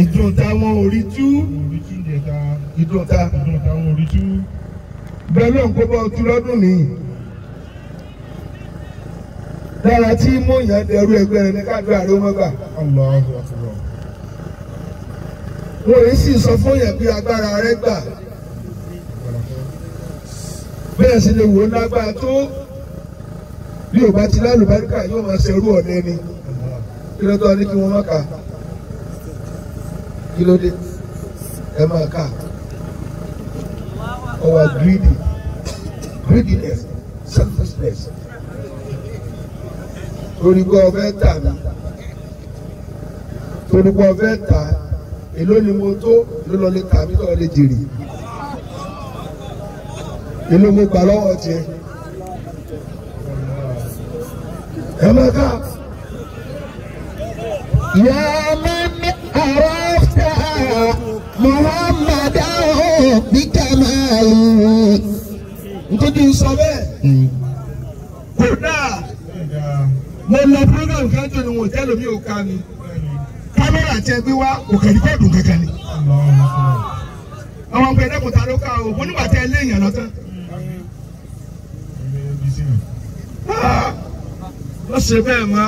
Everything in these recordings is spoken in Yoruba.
ìdúntà wọn orí tú ìdúntà ìdúntà wọn orí tú bẹ́ẹ̀ ló ń kó bá ọtú lọ́dún nìyí lára tí mọ̀nyá dẹrú ẹgbẹ́ rẹ̀ ní káàdúrà ló mọ́ gbà. wọ́n yìí sì sọ fún yẹn pé agbára rẹ gbà bẹ́ẹ̀ sì lè wò ó lágbára tó bí ò bá ti lálùbáríkà yóò máa ṣerú ọ̀lẹ́ni kí ló tọ́ ní kí wọ́n má kà á kí ló dé ẹ máa kà ó wà greedy greediness selfishness torípé ọbẹ̀ tà mí torípé ọbẹ̀ tà èló ni mo tó ló lọ lè tà mí lọ́ọ́ lè jèrè èló mo gbà lọ́wọ́ tiẹ̀ ẹ máa kà yàrá mi ọ̀rọ̀ muhammadu bí kàmáàlú nítorí sọ bẹ́ẹ̀ hmm. kódà mo lọ program kan tó ni wọn ò mi lómi ò ká mi kámẹ́rà tẹ gbé wá kò kẹ́ni kọ́ dùn kankan ni àwọn ọmọ ẹ̀dẹ́kùn ta ló ká o mo nígbà tẹ lé èèyàn lọ́tàn. wọ́n ah! ṣe bẹ́ẹ̀ mọ́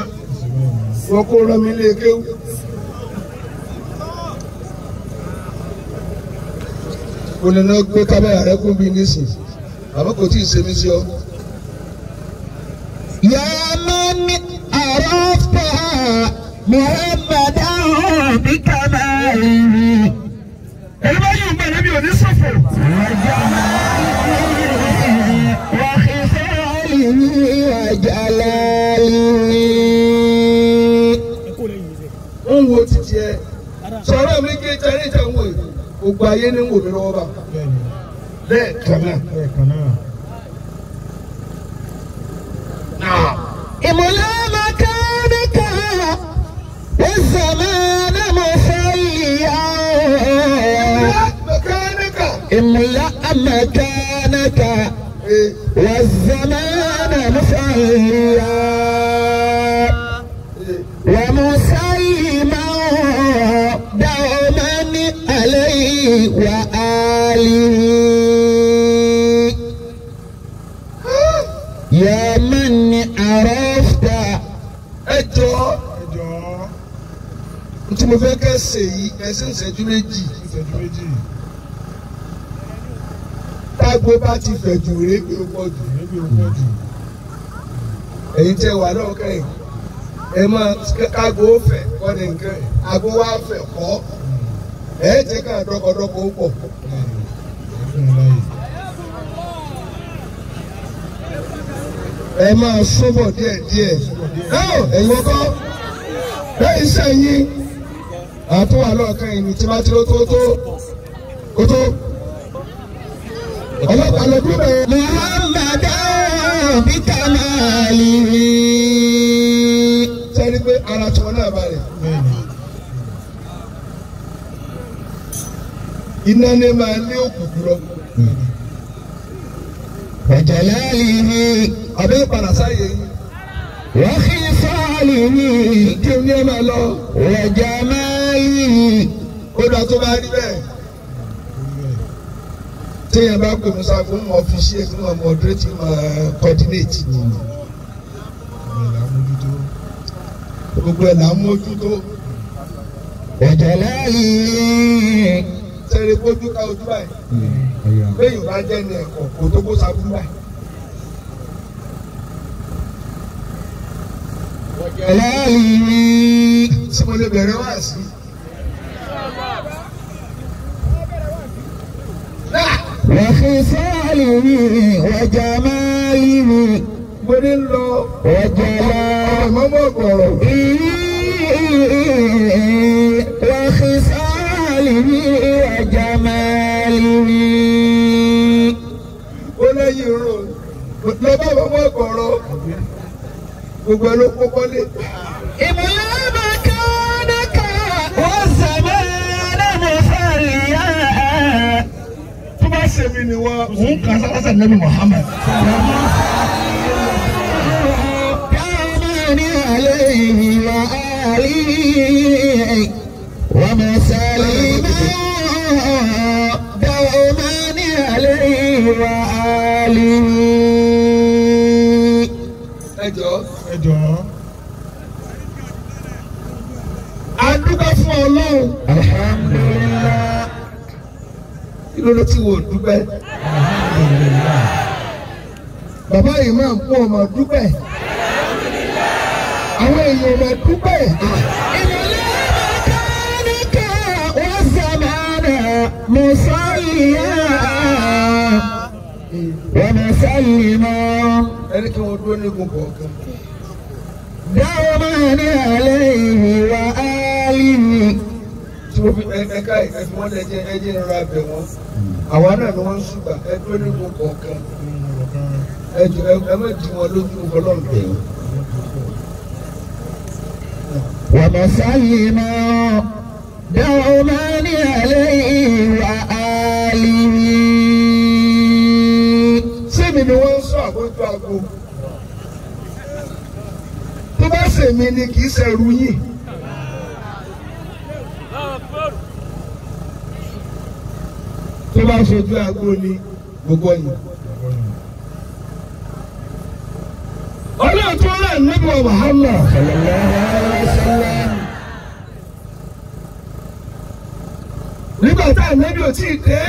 wọ́n kó rọmi lé kéwù. ó lè náà gbé kámẹ́rà rẹ kún bí nísìn àmọ́ kò tí ì ṣe mí sí ọ. yàmán àròfà muhammadu bí kámẹ́ rí. ẹni bá yóò gbẹ̀rẹ̀ bí òní sọ̀fọ̀. Ó ń wo títí ẹ, sọ̀rọ̀ mi kí n tẹ́lẹ̀ tẹ̀ gbogbo ayé ni ń wò mí lọ́wọ́ báyìí. très bien. نعم إملا مكانك الزمان مسيا املأ مكانك والزمان مسيا ومسيما دوما عليه وآله mo fẹ́ kẹ́ ṣe yìí ẹsẹ̀ ìṣẹ́jú méjì. ìṣẹ́jú méjì. tágbo bá ti fẹ̀jù rébi ó pọ̀ jù. rébi ó pọ̀ jù. ẹ̀yin tẹ wà náà kẹ́yìn ẹ máa kágbo fẹ̀ kọ́ ni nǹkan àgbo wa fẹ̀ kọ́ ẹ̀ jẹ́ ká dọ́kọ̀dọ́kọ̀ ó pọ̀. ẹ máa sọ́bọ̀ díẹ̀díẹ̀ ẹ̀yin ọkọ bẹ́ẹ̀ iṣẹ́ yín àti wà lọ́ọ̀kan ẹ̀yìn tí máa ti ló tó tó ó tó ọlọ́pàá ló dúró. Muhammad bitama liri. sẹ́ni pé ara tí wọ́n náà balẹ̀. iná ní máa lé òkùnkùn lọ. ẹ̀jẹ̀ lẹ́yìn ni àbẹ́ ìpàdà sáyé yìí. wọ́n kí sáà lè ní ìdí ní ẹ̀ máa lọ. ẹ̀jẹ̀ máa kódà tó bá rí bẹ́ẹ̀ téèyàn bá pè mí sáfù ń mọ fi ṣe fún ọmọ ọdún tí mo coordinate. gbogbo ẹ̀ là ń mójútó. ọ̀jọ̀ láàyè. sẹ́ni kójú ká ojú báyìí. béèyàn bá jẹ́ ní ẹ̀kọ́ kò tó kó sáfù báyìí. ọ̀jọ̀ láàyè. sí mo lè bẹ̀rẹ̀ sí i. وخصاله وجماله وجلاله وخصاله وجماله lọ́bàá bọ́ mọ́ ọ̀gọ̀rọ̀ gbogbo ẹ̀ ló kókọ́ lé. ìmúlẹ̀ bá ẹlẹ́sẹ̀ mi ni wọ́n. òun kà sálásà nẹ́bí Muhammad. káàmì àlejò wà á rí wọ́n mọ̀ sálẹ̀ náà dáwọ́ máa ní àlejò wà á rí. ẹ jọ ẹ a dúpẹ́ fún Ọlọ́run. kí ló ló ti wò dúpẹ́. bàbá yìí máa ń pọ̀ ọmọ dúpẹ́. àwọn èèyàn ọmọ dúpẹ́. Musalli wa musalli ma. Ẹni kí wọ́n dúró ní egun kọ̀ọ̀kan. Dáwọ́ máa ní àlẹ́ ìhìwà áálí mi tí wọ́n fi ẹ̀ka ẹ̀fọ́n ẹ̀jẹ̀ ẹ̀jẹ̀ rọra bẹ̀ wọ́n àwa náà ni wọ́n ṣùgbà ẹ dúró nínú kọ̀ọ̀kan ẹ jù ẹ má di wọn lójú ọlọ́run bẹ̀ wọ́n. ومسلم دوماني عليه وآله sẹ́mi ni wọ́n ń sọ àgójú àgó tó bá sèmi ni kì í ṣẹ̀rù yìí. bá ṣojú àgbo ni gbogbo yìí. olóòtú rẹ̀ níbi wàhálà. nígbà tá ànábì ò tí ì dé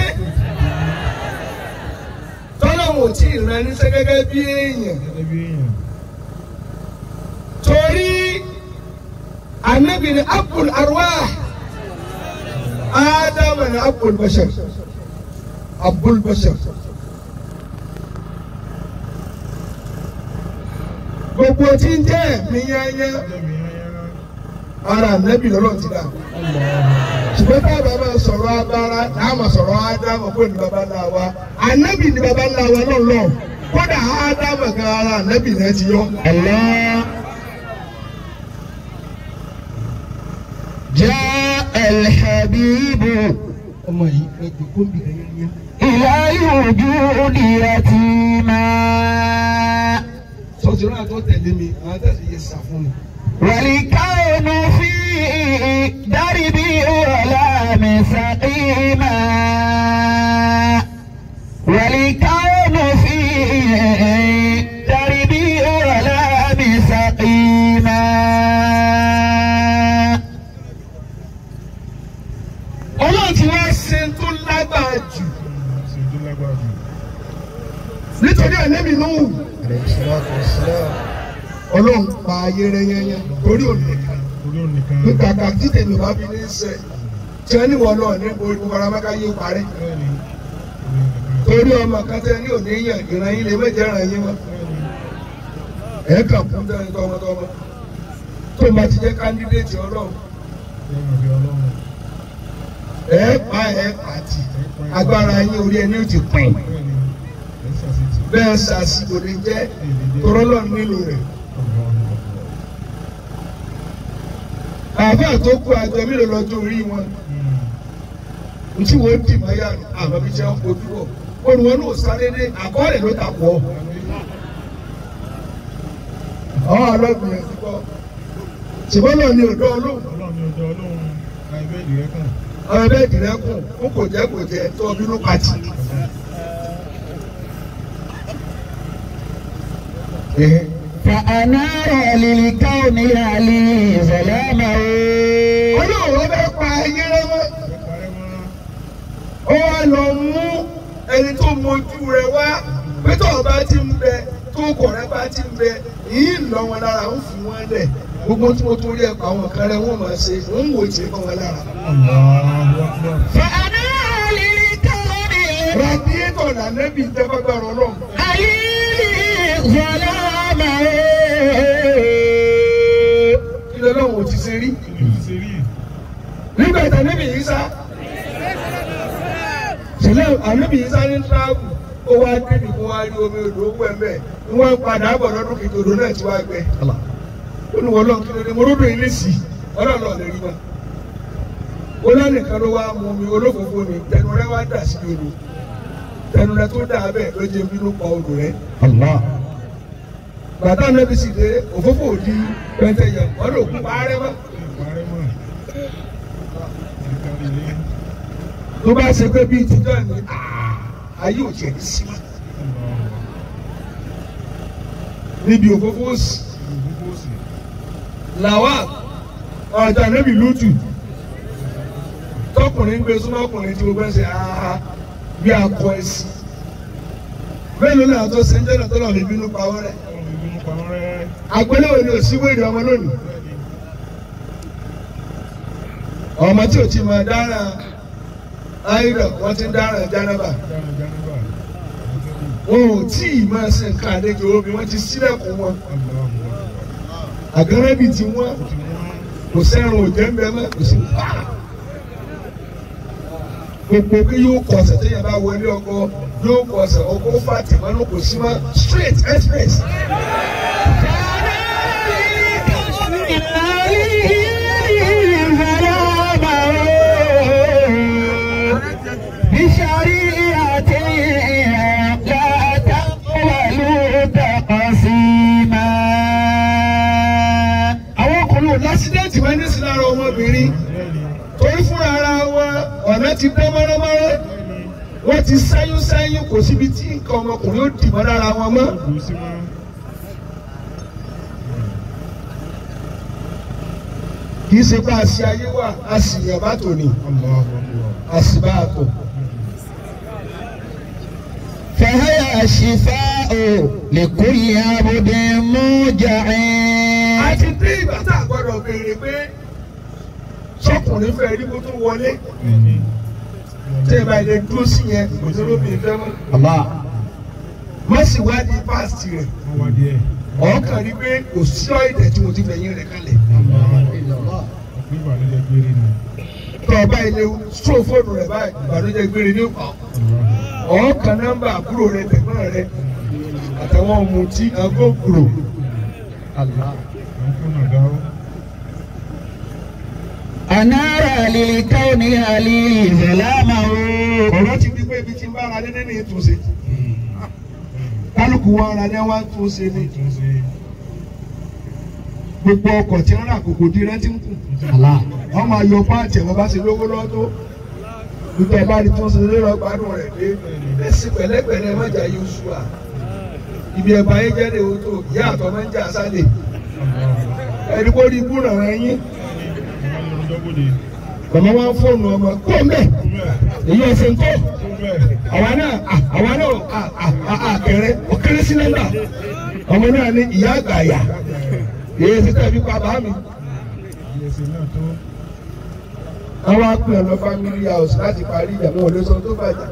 tọ́lọ́hún ò tí ì rán níṣẹ́ gẹ́gẹ́ bí èèyàn. torí ànábì ni abul ádámù ni abul bashar. Abul Bashir gbogbo tí ń jẹ́ ẹ̀mí yányán ara nẹ́bí lọ́lọ́ ti dà ṣùgbọ́n tá a bá máa sọ̀rọ̀ abára tá a máa sọ̀rọ̀ ádámù pé ní baba ńlá wa ànábì ní baba ńlá wa náà lọ kódà ádámù gan ara ànábì rẹ ti yọ. jẹ́ ẹ̀lẹ́bí ibù. ọmọ yìí ẹ kó mi lẹ́yìn yẹn ìyá ojú ni ẹ ti máa. sọ́sì rán àtọ́ tẹ̀lé mi àwọn àtẹ̀sí yẹ sà fún mi. wàlí káyọ̀nù fi dárí bí ọ̀la mi sàkímà. wàlí káyọ̀nù. yẹrẹyẹrẹ orí òun nìkan ní kàkà tí tèmi bá fi ní sẹ tí wọn ní wọn náà ní olùkọ́ramẹ́ká yé parí torí ọmọ kan tẹ ní òní yàn ìran yín lè méje ràn yín wọn ẹ kàn fún tẹni tọmọtọmọ tó má ti jẹ kándídéètì Ọlọ́run ẹ pa ẹ pàtì agbára yín orí ẹni ò ti pín bẹ́ẹ̀ sàṣìkò lè jẹ́ torọ́lọ́ nílò rẹ̀. àáfàá tó kú àjọ mélòó lọ́jọ́ orí wọn ntí wọ́n dì máyà àbábí jẹ́ ọkọ̀ dúró olùwọ́n náà sáré dé àkọọ́lẹ̀ ló dàpọ̀ àwọn ọlọ́gbìn ẹ̀ dúpọ̀ ṣùgbọ́n náà ni ọ̀dọ́ ọlọ́run ọ̀rọ̀ bẹ́ẹ̀ dìrẹ́kùn n kò jẹ́ kò jẹ́ tó bínú pàtì. Yeah. فأنار للكون علي ظلامه. Ọlọ́run ló fẹ́ pa ayé lọ́wọ́. Ó wá lọ mú ẹni tó mojú rẹ̀ wá pé tó ọba ti ń bẹ tó kọ̀rẹ́ bá ti ń bẹ yìí ń lọ wọn lára ń fún wọn lẹ̀ gbogbo tí mo torí ẹ̀ pa àwọn kan rẹ̀ wọ́n máa ṣe ń wò tí kàn wọ́n lára. فأنار للكون. Radiator lànà bí ìjọba gbàrọ̀ náà. Àyè ìyè ìyàlá máa ń bọ́lọ́wọ́ ti ṣe rí nígbà tí ànábì Ìsá ṣẹlẹ̀ ànábì Ìsá ní tíráàbù ó wá débi kó wá rí omi odò ó wẹ̀ mẹ́ẹ̀ ni wọ́n padà bọ̀ lọ́dún kejì odò náà ti wá gbẹ ó ní wọ́n lọ́n kí ló dé mo ròdò ilé sí ọlọ́ọ̀lọ́ lè rí wa ó lánìkan ló wá mú mi olófòfò ni tẹnu rẹ wá dà sí odò tẹnu rẹ tó dà bẹ́ẹ̀ ló jẹ́ bínú pa odò rẹ. Allah bàtà nàbì sì dé òfófó òdi pẹ̀tẹ̀yẹ̀ wọ́n lò kú parẹ́ mọ́. tó bá ṣe pé bíi tijọ́ ni ayé ò jẹ́ ní símá níbi òfófó òsì làwa ọ̀dà nàbì lójú tọkùnrin ń gbé súnmọ́ ọkùnrin tí gbogbo ẹ̀ ṣe àhà bí akọ ẹ̀sìn mélòó làwọn tó ṣe ń jẹ́ lọ́tọ́ lọ́ọ́ lè bínú pa wọ́n rẹ̀ àpẹẹrẹ òní ò sí wéèrè ọmọ lónìí ọmọ tí ò ti mọ dára ayílọ wọn ti ń dára jánaba wọn ò tí ì máa ṣe nǹkan àlejò omi wọn ti sílẹ̀kùn wọn àgẹrẹbì ti wọn kò sẹ́rùn òjẹ́ ń bẹ mọ́ kò sí gbogbo bí yóò kọ̀ ọ̀sẹ̀ tẹ́yẹ̀ bá wọlé ọkọ yóò kọ ọ̀sẹ̀ ọkọ̀ fà tẹ̀mọ́ ló kò sí mọ́ straight express. lásìdẹ́ẹ̀tì wẹ́n sinara ọmọbìnrin torí fúnra ara wa ọ̀nà ti bọ́ mọ́rọ́mọ́rọ́ wọ́n ti sẹ́yún sẹ́yún kò síbi tí nǹkan ọmọkùnrin ó dìbọn lára wọn mọ́. kì í ṣe pé àṣì ayé wà àṣì yàbá tò àṣì bá a tò. فهي الشفاء لكل عبد موجع. a ti dé ìgbà tá a gbọ́dọ̀ béèrè pé sọ́kùnrin fẹ́ẹ́ rí kó tó wọlé tẹ́ ẹ báyìí lè dúró sí yẹn kò sí lómi ìfẹ́ mọ́. má sì wádìí pásítì rẹ̀ ọ̀ọ́kàn rí pé kò sí ọ̀ẹ́dẹ̀ tí mo ti fẹ̀yìn rẹ̀ kalẹ̀. tọ́ ọ báyìí lè sọ fóònù rẹ̀ báyìí ìbànújẹ́ gbére ní ọ̀kan ọ̀ọ́kàn nọ́mbà àbúrò rẹ̀ tẹ̀gbọ́n rẹ̀ àtàwọn ọmọ tí agbóhùn kúrò. Allah. Anara lílì káwọn ní àlè ìfẹ̀láàmà o. ọ̀rọ̀ ti di pé ibi tí ń bá ara lé ní ìtúnṣe kálukú wa ara lé wá túnṣe ní gbogbo ọkọ̀ tí ń rà kòkò di rẹ́tí ń kù wọ́n máa yọ páàtì ẹ̀ bá ṣe lówó lọ́dún gbogbo bá rí túnṣe lérò gbádùn rẹ̀ dé ẹ̀sìn pẹ̀lẹ́pẹ̀lẹ́ mọ́jà yóò ṣùà ibi ẹ̀bà yẹn jẹ́ ní o tó ìyá àtọ́ kọ̀mọ́ wọn fóònù ọgbà kó mbẹ́ èyí ẹsẹ̀ ńkọ́ àwa náà àwa náà àkẹrẹ ọkẹrẹ sí nọ́mbà ọmọ náà ní ìyá àgbàyà èyí ẹsẹ̀ tẹ̀bí pa bàá mi. àwọn apè ọ̀nà family house láti parí ìyàwó ọ̀lẹ́sọ tó bàjẹ́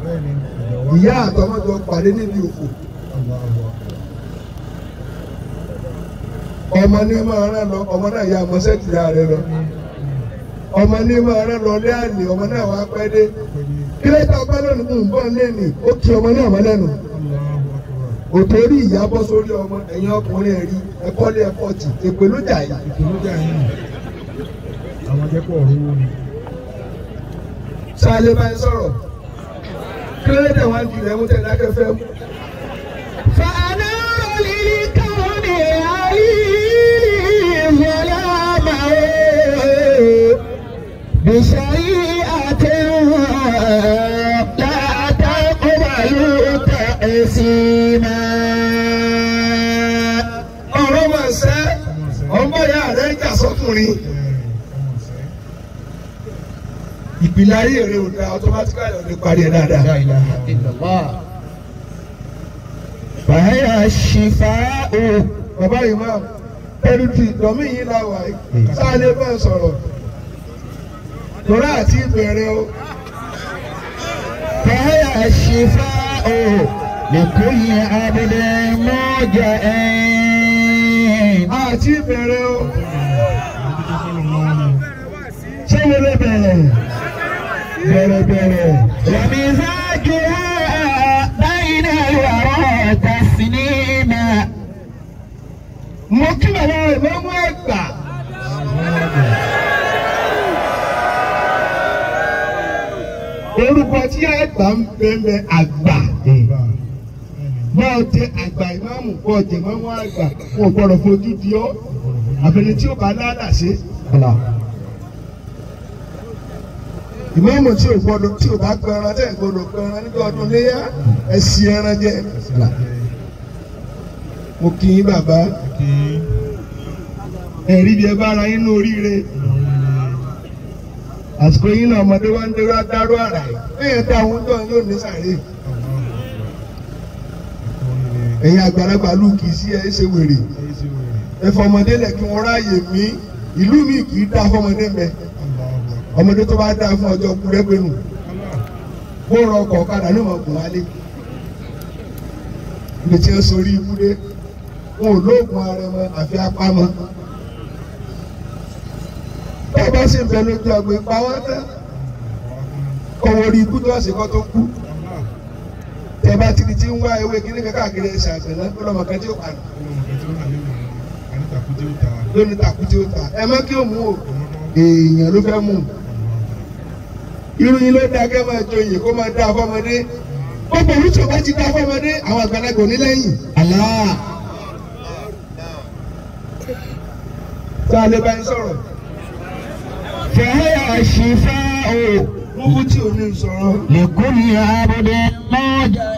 ìyá àtọmọ́jọ pàdé níbi òkú ọmọ ní ẹ máa rán lọ ọmọ náà yà mọ́ sẹ́ẹ̀tì rẹ̀ lọ ọmọ ní máa rán lọ ní àná ọmọ náà wàá pẹ́ dé kílẹ̀ tá a bá lónìí mú un bọ̀ lẹ́nu ó kí ọmọ náà mọ́ lẹ́nu òtórí ìyá bọ́ sórí ọmọ ẹ̀yin ọkùnrin ẹ̀rí ẹ̀kọ́lé ẹ̀kọ́ tì èpè ló jà yìí. èpè ló ń sọ̀rọ̀ kí ló dé wọn di ilẹ̀ ń tẹ̀lé akẹ́fẹ́ بشريعة لا تقبل تقسيما ọ̀rọ̀ máa ṣẹ́ ọmọ ìyá rẹ̀ ń kà sọ́kùnrin ìpìlẹ̀ ayé rẹ̀ ò da automatically ọ̀dẹ̀ parí ẹ̀ dáadáa. bàyà ṣìfà o bàbá ìmáàmù pẹ̀lú ti ìdọ̀mí yìí la sáà lè bá ẹ sọ̀rọ̀ lọ́rọ́ àti ìbẹ̀rẹ̀ o. Tẹ́lẹ̀ àṣìfà o lẹ́kọ̀ọ́ yẹn abẹ́lẹ́ mọ́jà ẹ̀. Àti ìbẹ̀rẹ̀ o. Ṣé wo lè bẹ̀rẹ̀? Bẹ̀rẹ̀ bẹ̀rẹ̀. Yẹ̀mí sáájú báyìí náà wà ọ̀tá sí ní ọmọ tí àgbà ń bẹ́ẹ̀ àgbà máa jẹ àgbà ìmáàmù kọ jẹ mọ́mọ́ àgbà wọn ò gbọ́dọ̀ fojú di ọ́ àbẹ̀lẹ̀ tí ó bá lálà ṣe. ìmáàmù tí ò gbọ́dọ̀ tí ò bá gbẹran tẹ̀ gbọ́dọ̀ gbẹran nígbà ọdún léyà ẹ̀sì ẹran jẹ. mo kì í bàbá ẹ̀rí bí ẹ bá ara yín ní oríire àsìkò yín náà ọmọdé wá ń dé wá dárú àrà yìí lẹ́yìn tí àwọn tó ń yóò ní sàárè. ẹ̀yin àgbàlagbà lù kì í sí ẹ̀ ṣe wèrè ẹ̀fọ́ ọmọdé lẹ̀ kí wọ́n ráàyè mí ìlú mi kì í dá fọmọdé mẹ́ ọmọdé tó bá dá fún ọjọ́ kúrẹ́gbẹ́nu bó rọ ọkọ̀ ọ̀kadà ní ìmọ̀kùn wálé ibi tí ó sorí ibúdé wọn ò lóògùn ara wọn àfi apá mọ́ ọba sì ń bẹ lójú àgbo ìpawọ́ tán owó orí ikú tó àsìkò tó kú tẹ bá ti di ti ń wá ewé kíní kankan àkèrè ẹsẹ àgbẹlẹ ọlọmọ kan tí ó pa ní. lónìí takú tí ó ta ẹ má kí ó mú o èèyàn ló fẹ́ mú o. irú yín ló dá kẹ́ máa jo yìí kó máa dá fọmọdé gbogbo olùsọ bá ti dá fọmọdé àwọn àgbàlagbà òní lẹ́yìn àlá. tá a lè bá yín sọ̀rọ̀. فهي الشفاء لكل عبد موجع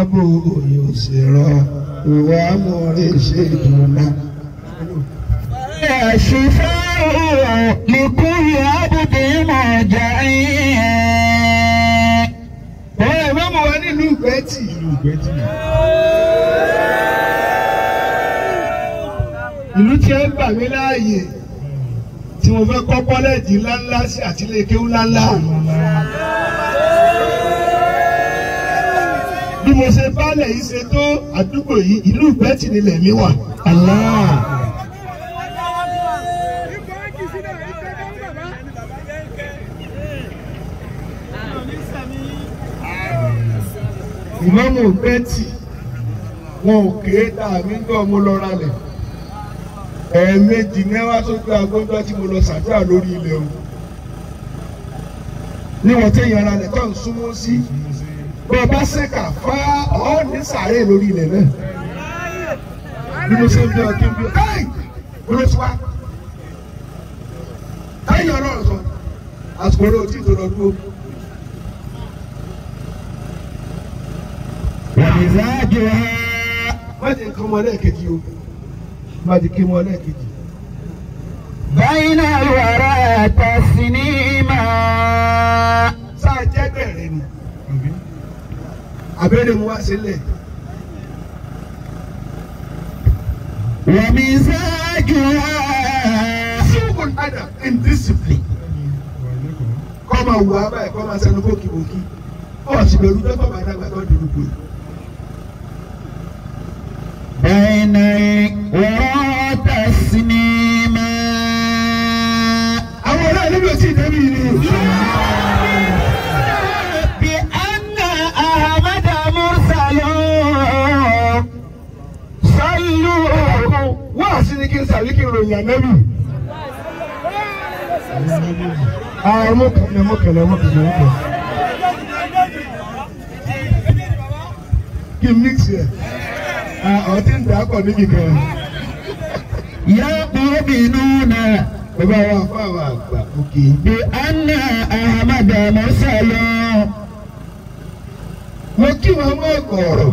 أبو يسرى ومرشدنا فهي الشفاء لكل عبد موجع ọ̀rẹ́ mọ́mọ́ wa nílùú ìgbẹ́tì. ìlú ìgbẹ́tì. ìlú tí ẹ gbà mí láàyè tí mo fẹ́ kọ́ kọ́lẹ́ẹ̀jì ńláńlá sí àtìlé kéwú ńláńlá. bí mo ṣe bálẹ̀ yìí ṣe tó àdúgbò yìí ìlú ìgbẹ́tì nílẹ̀ mi wà. Allah. ìmọ̀mù ìgbẹ́tì wọn ò kéé dàmí ń gbọ́ mo lọ ralẹ̀ ẹ̀ẹ̀mejì ní wá sójú agbọ́njọ́ tí mo lọ sàdúrà lórí ilẹ̀ o níwọ̀n tí èèyàn ara rẹ̀ tó ń súnmọ́ sí bí ọba ṣèkà fá ọ́ ní sàárè lórí ilẹ̀ náà bí mo ṣe ń bí ọdún bí ẹ́ẹ̀ gbọ́dọ̀ wá ẹ̀yìn ọ̀rọ̀ sọ àsìkò ló ti tọrọ dúró. wàmí sáájú wa. wọ́n ti ń kọ́ ọmọ lẹ́ẹ̀kejì o bá ti kí wọn lẹ́ẹ̀kejì. báyìí wàrà tẹ̀sí ní mọ́. sáà jẹ́ bẹ̀rẹ̀ ni abẹ́rẹ́ mu wá sílẹ̀. wàmí sáájú wa. simple adam and discipline. kọ́ máa wù á báyìí kọ́ máa sanu bókìbókì ọ̀sìn lórí dọ́kọ̀ bàdàgbà tó dùn ún gbòòrò. bẹ́ẹ̀ náà. وتسليما أولا نبتي نبيني بأن أحمد مرسل صلوا وأحسنك سالك يا نبي آه ممكن ممكن ممكن ممكن kí n mix yẹ ọtí ń dà á pọ̀ níbi kan. Ya kọ́ọ̀bì nùnà. bàbá wa fún àwọn àgbà òkè. bí anna ahmed mọ́sálọ. mo kí wọn mọ ọgọrọ.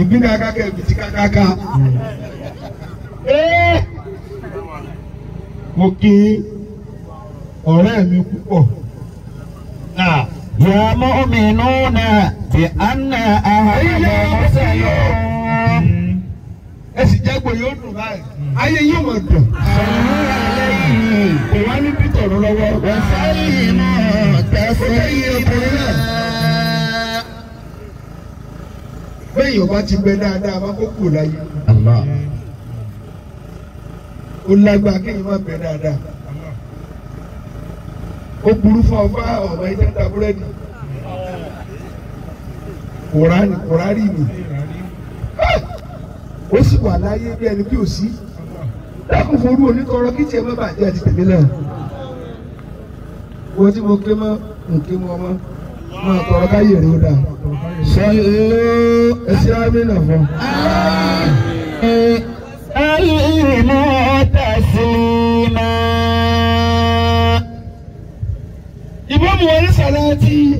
ìbí kakaka ìbìtì kakaka. mo kí ọ̀rẹ́ mi púpọ̀. يا مؤمنون بأن أهل المرسلون ẹ sì jágbó yóò dùn báyìí ayé yóò mọ̀ dùn. kò wá ní bítọ̀ lọ́wọ́. wàsáyé náà tẹ̀sán yé ọkùnrin náà. bẹ́ẹ̀ yóò bá ti gbẹ dáadáa bá kó kù láyé. ó lágbá kéèyàn má gbẹ dáadáa. ó burú fún ọfá ọ̀nà ìjẹta búrẹ́dì. kùránì kùránì ni ó sì wà láyé bí ẹni bí ò sí dákun forú onítọrọ kí tiẹ̀ má bàjẹ́ àti tèmi náà wọ́n tí mo ké mọ́ nké mọ́ mọ́ máa tọrọ káyè rẹ̀ ó dà sọ ẹsẹ̀ àmì nà fún. Alima taslima. Ibo salati.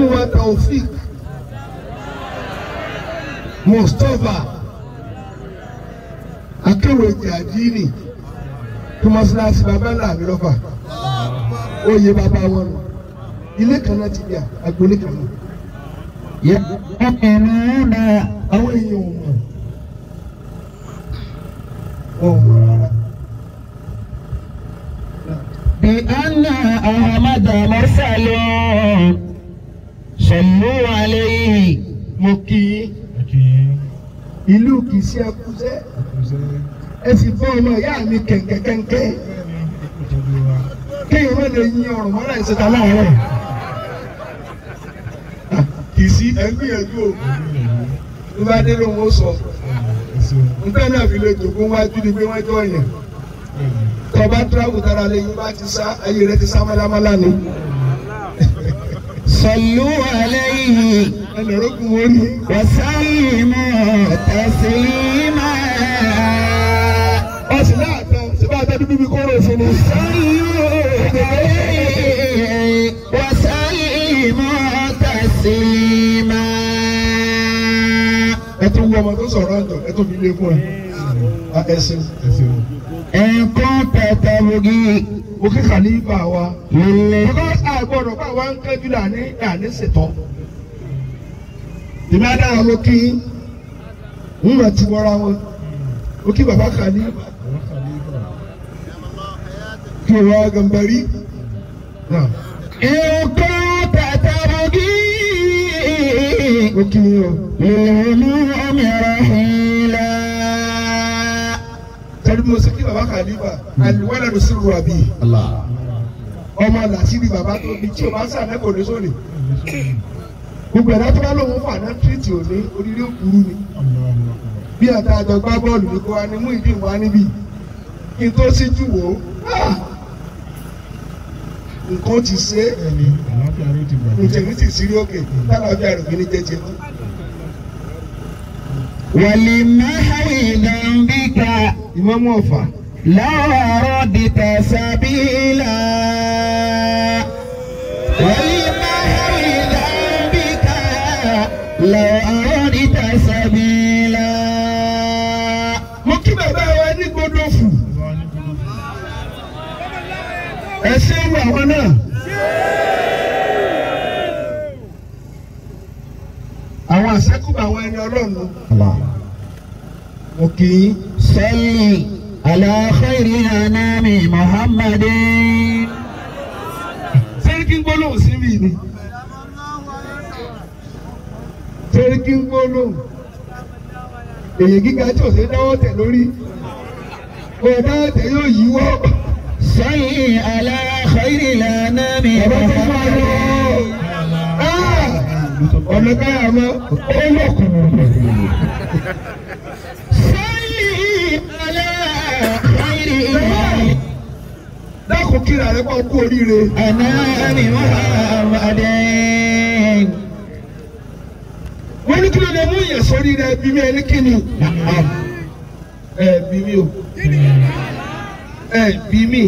Ibrahim wa Taofik Mustapha akéwèjì àdínì tó mọ́ṣáláṣí bàbá ńlá mi lọ́fà oyè bàbá wọn nù ilé kan náà ti bíà agboolé kan náà. àwọn èèyàn ò mọ̀ wọn ò mọ̀ rárá. بأن أحمد مرسل sọ̀lú alẹ́ yìí mo kí yín ìlú kì í ṣe ẹkúṣẹ́ ẹ sì bọ́ ọmọ ìyá mi kẹ̀kẹ́kẹ́kẹ́ kéèyàn má lè yin ọ̀rọ̀ mọ́lá ìṣẹ̀dá láàárọ̀ kì í sí ẹgbìyànjú o ló bá dé lóun ó sọ nǹkan náà fi lè jòkó wájú ni pé wọ́n jọ yàn tọ́ba tíráwù tára lẹ́yìn bá ti sá ayé rẹ ti sá mọ́lámọ́lá ni sọlú àlẹ́yìn wọ́sálìmọ̀ tẹ̀sílímọ̀. ọ̀sìn náà tán sí bá a tẹ́ dúdú bí kóró fún mi. sọlú àlẹ́yìn wọ́sálìmọ̀ tẹ̀sílímọ̀. ẹ tún wọ ọmọ tó sọ̀rọ̀ àjọ ẹ tún fi mo kí kàlí ibà wa. lílé rò pé àwọn akẹ́jú dání dání ṣètọ́ èmi á ló kí ń rẹ̀ ti wọra wọn ó kí bàbá kàní kí wọ́n gàmbẹ́rí. ìkọ́ tàtà bògì. ó kí ni o. ìlú omi rẹ̀ hìlá. tẹ́lifíwọ́sí kí bàbá kàní bá àlùwálẹ̀ ló sì rú àbí ọmọ làṣírí bàbá tó bí tí o bá sàlẹ̀ kò ní sóòlè gbogbo ẹ̀dá tó bá lòun fà náà tírìtì òní oríire òkúrú ni bí àtà àjọ gbá bọ́ọ̀lù ní kó wa ni mú ìdí wa níbí kí n tó síjú wò ó ah! nǹkan ti ṣe é ǹjẹ̀mí ti sírí òkè tálàbí àrògbé ní jẹ́jẹ́ mọ́. wàlímọ́ àwọn ìlànà bí ká. ìmọ̀mọ́ ọ̀fà. لا ردت سبيلا والبحر ذنبك لو أردت سبيلا mo kí bàbá wa ní gbọdọ̀ fù ẹ ṣe wù àwọn náà. àwọn àṣẹ́kù àwọn ẹni ọlọ́run mo kì í sẹ́yìn. على خير أنام محمد سيكين بولو سيبيني سيكين بولو èyí gíga tí òsè dáwọ́ tẹ̀ lórí kò dáwọ́ tẹ̀ yóò yí wọ́. sẹ́yìn ala khairi lanami ọ̀fọ̀fọ̀. ọ̀nà káyà mọ́ ó lọ́kùnrin. kó kíra rẹ pọ̀ kú oríire. ẹ̀nà ẹ̀mí wọn àbàdé. wọ́n ní kí ló dé mú yẹn sórí rẹ bí mi ẹni kíni. ẹ bí mi o. ẹ bí mi.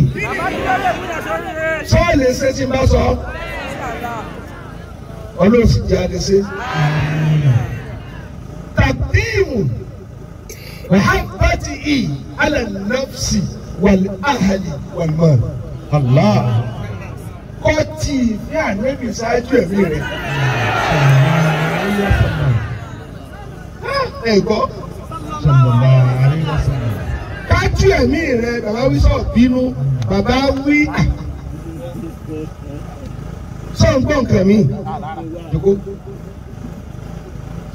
sọ́ọ̀lì ṣe ti bá sọ. ọlọ́run sì jẹ́ àdìsí. tàbí ìwọ̀n. وحبته على النفس والأهل والمال Allah kọ́ tí ìfẹ́ ànẹ́bì ṣáájú ẹ̀mí rẹ̀. ẹ̀kọ́ kájú ẹ̀mí rẹ̀ bàbá wí sọ̀ bínú bàbá wí sọ̀ ń gbọ́ nǹkan mi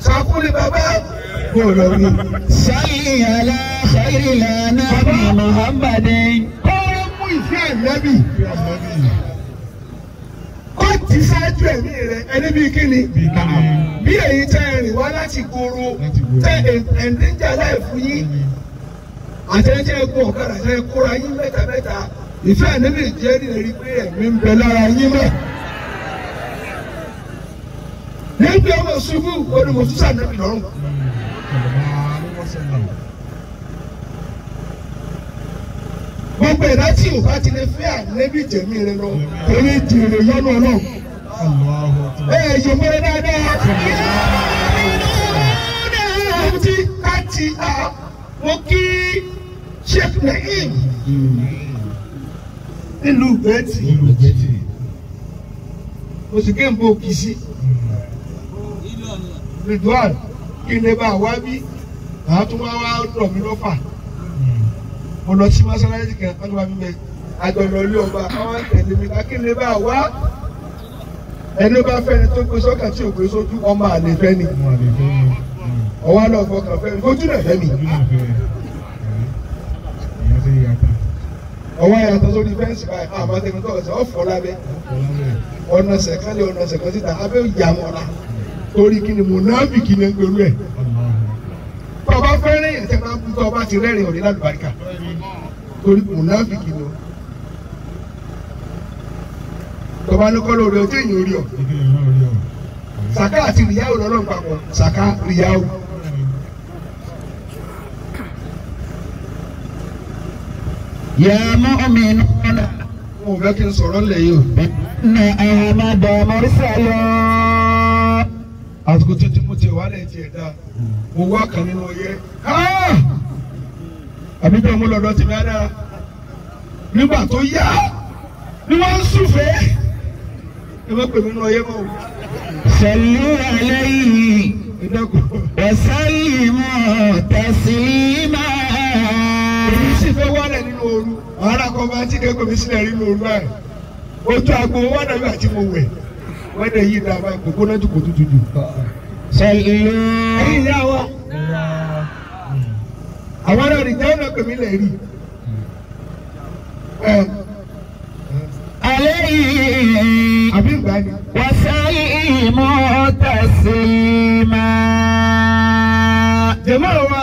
sakuli baba bolomi. sayi ala sayi lana muhammadin fẹ́ ànábì ó ti ṣáájú ẹ̀mí rẹ̀ ẹni bíi kíni bí èyí tẹ́ ẹ rìn wá láti gbòòrò tẹ́ ẹ̀ǹdẹ́jà láìfù yín àtẹ́jẹ́ ẹ̀kọ́ ọ̀kadà tẹ́ ẹ kóra yín mẹ́ta mẹ́ta ìfẹ́ ànábì jẹ́ rí pé ẹ̀mí ń bẹ lára yín mẹ́ nígbà ọmọ ṣubú olùmọ̀túnṣà nàbì lọ́rùn. gbogbo ẹ̀dá tí ò bá ti lè fẹ́ ànẹ́bí jẹ̀mí rẹ lọ eré ju èrè yọnu ọlọ́run. ẹ ẹ yọ mọ́ra dáadáa. ọtí káàtì a mo kí sheikh naim nílùú bẹ́ẹ̀tì oṣù kẹ́ńbó kìí sí ridwan kí ni bá a wá bí àá tún wá wá rọ̀ mí lọ́fà mo lọ sí mọ́sálásí kan wọ́n ti wá mi bẹ̀ àjọlọ ilé ọba àwọn tẹ̀lé mi ká kí ni bá wá ẹni bá fẹ́ni tó gbé sọ́kà tí ò gbé sójú ọmọ àlè fẹ́ ọwọ́ àlọ́ fọkàn fẹ́ ni ojú náà ọwọ́ yàtọ̀ sórí fẹ́ǹsì báyìí máa máa tẹnu tó ọ̀sẹ̀ ọ̀fọ̀ lábẹ́ ọ̀nà sẹ̀kálẹ̀ ọ̀nà sẹ̀kọ́ síta abẹ́ ìyàmọ̀ra torí kí ni mùnáfìkì ni ń gbèrú ẹ̀ bàbá fẹ́rẹ́ yẹn tẹ́ máa ń bú tọ́ ti rẹ́rìn òní lálùbáríkà torí mùnáfìkì ni tọba ní kọ́lọ́ rẹ̀ ojú èèyàn rí ọ sàká àti rìyáwó lọ́lọ́ papọ̀ sàká rìyáwó. yàmú omi inú ọ̀nà. mo fẹ́ kí n sọ̀rọ̀ lẹ̀ yìí o. ní àmàdà mọ́rísàlọ́. àsìkò tuntun mo wà lẹ́yìn tí ẹ̀ dá mo wá kan nínú àbí bí ọmọ lọ́dọ̀ tèmi rárá nígbà tó yá ni wọ́n ń súfèé ẹ má pè mí nù ọyẹ́ mọ́ o. sẹ̀lú alẹ́ yìí ẹ̀sẹ̀lìmọ̀ tẹ̀sílímà. èyí sì fẹ́ wálẹ̀ nínú ooru ọ̀hárà kan máa ti kẹ́kọ̀ọ́ mi sílẹ̀ nínú ooru báyìí ojú agbo wà náà yóò àti mo wẹ̀ wẹ́dẹ̀ yìí dáa báyìí kò gbóná jù kò tutù jù. sẹ̀lú. ẹ̀yin ìyá wa àwọn ará ìjà ọ̀nà pèmí lè rí. Alẹ́ yìí àbí ìgbà ni. Wọ́n sáyé mọ́ tẹ̀sí máa. Jẹ̀mọ́ wa,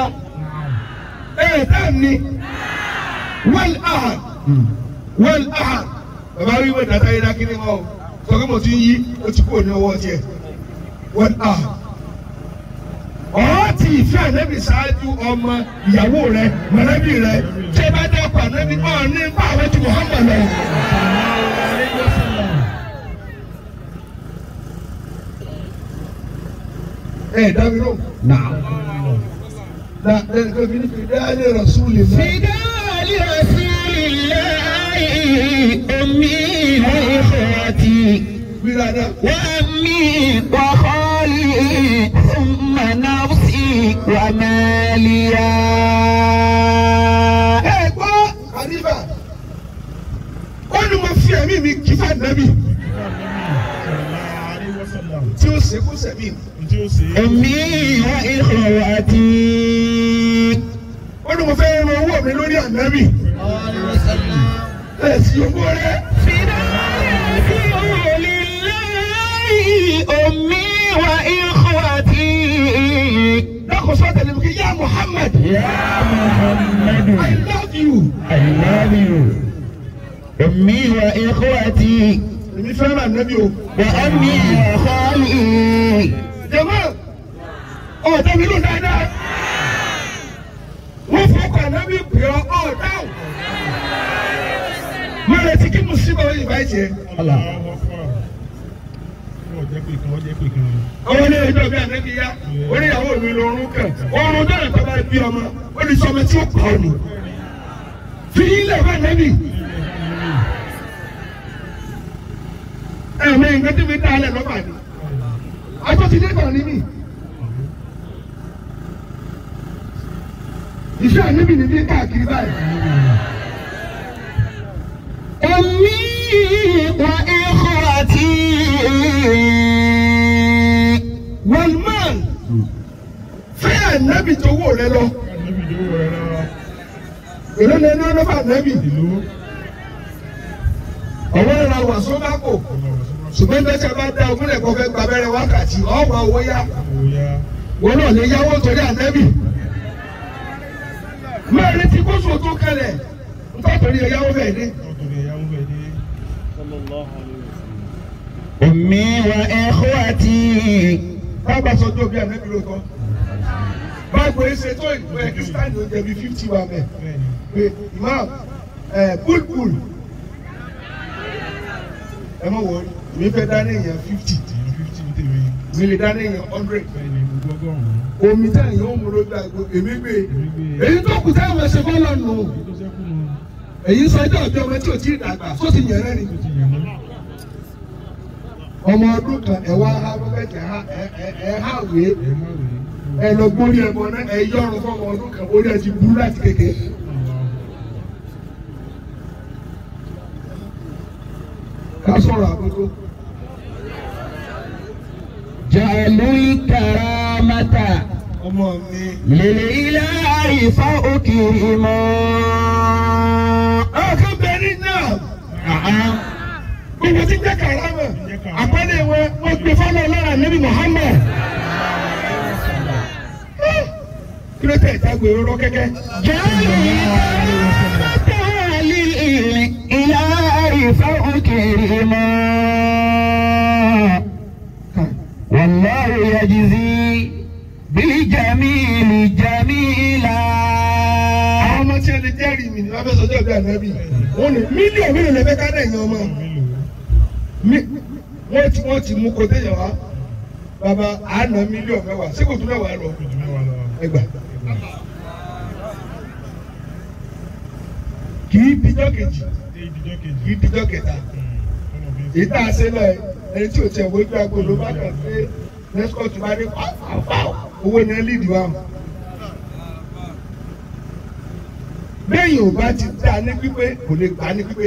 ẹ̀ tán hmm. ni, wọ́n ahàn, wọ́n ahàn, bàbá rí ìwé ìdásáyé dákínní mọ́ o, sọ pé mo ti ń yí, ó ti kúrò ní ọwọ́ tiẹ̀, wọ́n ahàn àti ìfẹ́ ànábì ṣáájú ọmọ ìyàwó rẹ mọ̀lẹ́bí rẹ tí ẹ bá dẹ́kun ànábì ọ̀hún ní bá àwọn ti Muhammad lọ. ẹ dá mi lóhùn. náà da ẹ kẹbi ní fìdáàlì rasúlì náà. fìdáàlì rasúlì láì omi ìlú ìfọ̀tì. wíwá náà. kọ́kọ́. شيء ثم نفسي وما لي ẹ̀gbọ́n àríbà ó ní mo fi ẹ̀mí mi kí fún ànábì tí ó ṣe kó sẹ̀mí ẹ̀mí ìwà ìhọ̀wà ti ó ní mo fẹ́ ran owó mi lórí ànábì ẹ̀ sì owó rẹ̀. àkọsọ tẹlifù kí yá Muhammad. yá Muhammad. I love you. I love you. Èmi wà ẹ̀kọ́ àti. Èmi fẹ́ràn ànábì o. Wà á mi ẹ̀kọ́ mi. Jọ̀wọ́ ọ̀dọ́ mi lò dáadáa. Wọ́n fọkọ̀ ànábì pè ọ́ ọ̀dáhùn. Mo retí kí mo sí bọ̀ ìbáyìí jẹ ọmọ ní ẹjọ́ bí àtẹ́bí yá oníyàwó mi lọ́rùn kẹ̀ ọrùn dáhùn tó bá bí ọmọ olùsọmọ tí ó pa ọ̀nù fi ilẹ̀ wà lẹ́bi. ẹ̀mí nǹkan tí mi dálẹ̀ lọ́ba ni ọjọ́ ti dé kàn ní mi. ìṣe àníbi nìbí káàkiri báyìí. ẹ̀mí ìwà ẹ̀. One walman fẹ́ ànábì tó wò rẹ lọ. èrè ni iná lọ́ba ànábì. ọ̀wọ́ ìran wàsó bá kò ṣùgbọ́n tẹ́sẹ̀ bá dá ogúnlẹ̀ kó fẹ́ gbàbẹ́rẹ́ wákàtí ọ̀wọ́ owó yá wọn náà lè yáwó torí ànábì. máa retí kóso tó kẹlẹ̀ nítorí ẹ̀yáwó bẹ̀ ni. أمي وإخوتي bàbá sọjọ́ bí ànábì ló tọ́ báàgbé ṣe tó ìlú ẹ̀ kristiani ó jẹ̀bi fifty wa mẹ́ pé imam bulbul ẹ mọ̀ wọ́n mi fẹ́ dá ní èèyàn fifty mi lè dá ní èèyàn hundred omi tẹ̀ yẹn ó mú ló dá gbó èmi gbé èyí tó kù táwọn ẹ̀ṣẹ̀ fọ́ lọ́nù èyí sọjọ́ ọjọ́ ọmọ tí ò tí ì dàgbà sóòtì yẹn rẹ́ ni ọmọ ọdún kan ẹ wá ha bẹ́tẹ̀ ha ẹ ha wèé ẹ lọ gbórí ẹbọ náà ẹ yọrùn fún ọmọ ọdún kan orí ẹ ti burú láti kékeré. ká sọ̀rọ̀ àbótó. jàlú karamata. ọmọ lèlè ilé àyífá òkè ìmọ̀. ọkọ náà. gbogbo ti jẹ́ karama àpẹẹrẹ ìwé wọn pe fọlọ ọlọ́run ànábì Muhammad kí ló tẹ ìtagbè rọrọ kẹkẹ. jẹ́rìí látàrí ìlà ìfẹ́ òkèèrè mọ́. wàláhù yajzi bílí jàmílì jàmílà. àwọn ọmọ tí a lè jẹ́rìí mi ni wọ́n Nabi. sọ́jọ́ bí ànábì wọ́n ní mílíọ̀nù mílíọ̀nù ẹ̀fẹ́ ká dẹ̀ yan ọmọ wọ́n ti wọ́n ti mú kó téèyàn wá bàbá àánà mílíọ̀n mẹ́wàá sí kò tún mẹ́wàá lọ ẹgbà. kì í dijọ́ kejì kì í dijọ́ kẹta hmm. èyí tá a ṣe náà ẹni tí o tiẹ̀ wọ́n gbé agolo bá kàn pé lẹ́sìkọ́tù bá ní pàápàá owó ní ẹ́lídìí wa mọ̀. bẹ́ẹ̀ yóò bá ti dá ní pípé kò lè gbá ní pípé.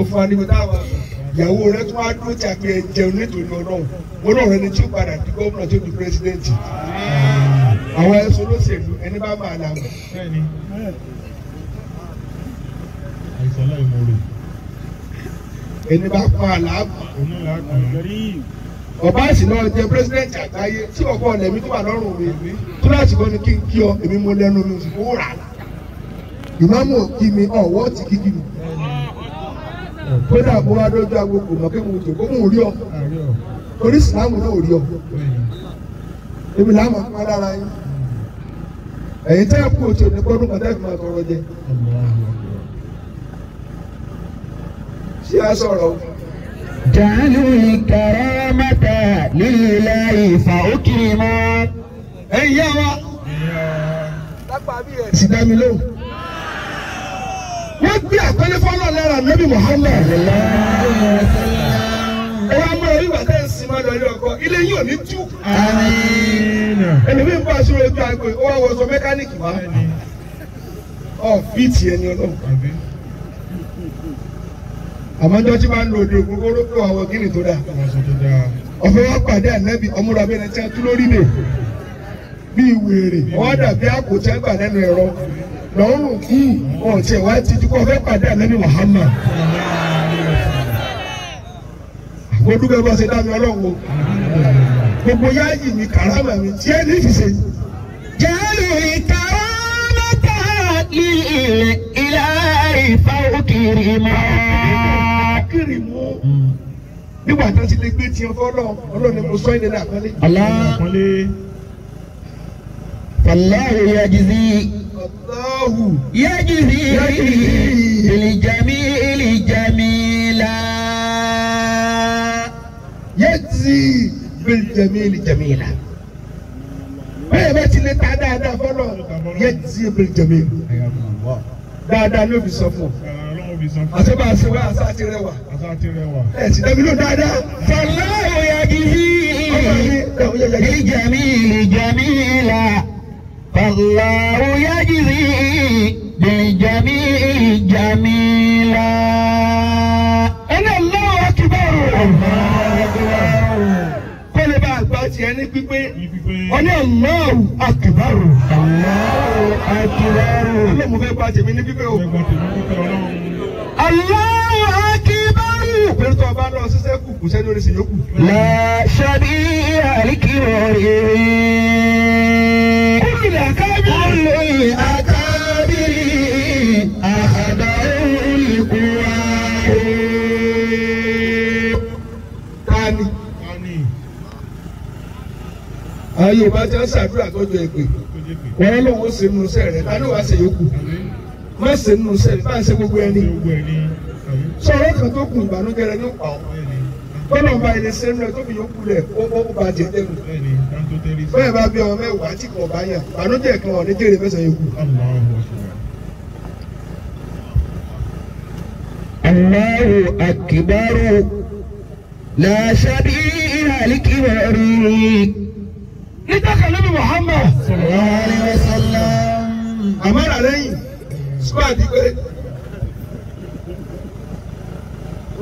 ó fún wa níbi táwọn ìyàwó rẹ tún wá dúró tí a pé ẹ jẹun nítorí Ọlọ́run wọn náà rẹ ni tí ó padà di gómìnà tó di pírẹsidẹ́ǹtì àwọn ẹ̀sùn olóṣèlú ẹni bá máa là wọ̀. ẹni bá pa àlàáfù ọba àsìnà jẹ pírẹsidẹ́ǹtì àgbáyé tí ọkọ ọlẹ́mí tó wà lọ́rùn mi kíláàsì kan ni kí n kí ọ èmi mo lẹ́nu mi ò sì kó rà á ìmáàmù kí mi ọ̀wọ́ ti kí mi kódà mo wá dójú agogo mọ̀ kí mo jò kó mo rí ọ torí sìláàmù náà ò rí ọ èmi làá máa pa lára yín ẹ̀yin tẹ́ kú òtí òní gbọ́dún kan tẹ́ẹ̀kì máa tọrọ jẹ. ṣé a sọ̀rọ̀ o. jàánù kàrámàtà lílẹ̀ ìfà òkìrì ẹ̀yin yá wa. lápá bí ẹ̀ sì dá mi lóhùn. wọ́n gbé àpẹẹrẹ fọlọ́ lára Muhammad. ilé ọkọ ile ní tú. ẹlẹ́mìí ń bá aṣọ ojú àgbo ó wá wọṣọ mẹkáníìkì wá. ọ fíìtì ẹni ọlọ́run kàbí. àmọ́jọ́ tí máa ń lo odò gbogbo àwọn gíní tó wa pàdé ànábì ọmúra a lórí dè lọ́rùn kú ọ̀tí ẹ̀ wá títí kọ́ fẹ́ pàdé ànábì Muhammad. àwọn dúpẹ́ bá ṣe dá mi ọlọ́wọ́ gbogbo yáàyè mi kàrámà mi tí ẹ nífìsẹ́. jẹ́rù ìtara mẹ́ta ní ilẹ̀ ilá ìfà òkèrè mọ́. òkèrè mọ́ nígbà tó ti lè gbé tiẹ̀ fọ́lọ́ ọlọ́run mo sọ ìdílé àkọlé. aláàkọlé. aláàkọlé. aláàkọlé yẹ́jìrì ìlìjẹ̀mí ìlìjẹ̀mílà. yẹ́jì ìlìjẹ̀mí ìlìjẹ̀mílà. bẹ́ẹ̀ bá ti lè ta dáadáa fọlọ́ yẹ́jì ìlìjẹ̀mí. dáadáa ló fi sọ fún ọ. àti bá a ṣe wá àṣà àti rẹwà. ẹ sì dẹ́bi ló dáadáa. sọlá ò yẹ kí yí ìlìjẹ̀mí ìlìjẹ̀mílà. Allahu yajzi bil jami'i jamila. Ẹni Allahu akbar. Kó lè bá àgbà tiẹ̀ ní pípé. Ọní Allahu akbar. Allahu akbar. Ilé mo fẹ́ bá tèmi ní pípé o. Allahu akbar. Pẹ̀lú tó o bá lọ sí sẹ́kù kù sẹ́ni oríṣi yòókù. La shabi'a likirari ayé bá jẹ́ sàdúrà tọ́jú ẹ̀pẹ̀ wọ́n lọ́wọ́ sí inú sẹ́ rẹ̀ tani wàá ṣe yòókù má ṣe inú sẹ́ rẹ̀ bá ṣe gbogbo ẹni sọ̀rọ̀ kan tó kù ìbànújẹ́ rẹ̀ ní pa bọ́lá ọba ilé sẹ́nu ẹ̀ tóbi yókù rẹ̀ ó ó ba jẹ tẹ́kù. bẹ́ẹ̀ bá bí ọmọ mẹ́wàá tí kò bá yàn bànújẹ́ kan ọ̀ ní jèrè mẹ́sàn-án yòókù. Allahu akbar la shabiha likibari. nígbà kan lóbi Muhammad. sallallahu alaihi wasallam. àmàlà lẹ́yìn sùpàdì pé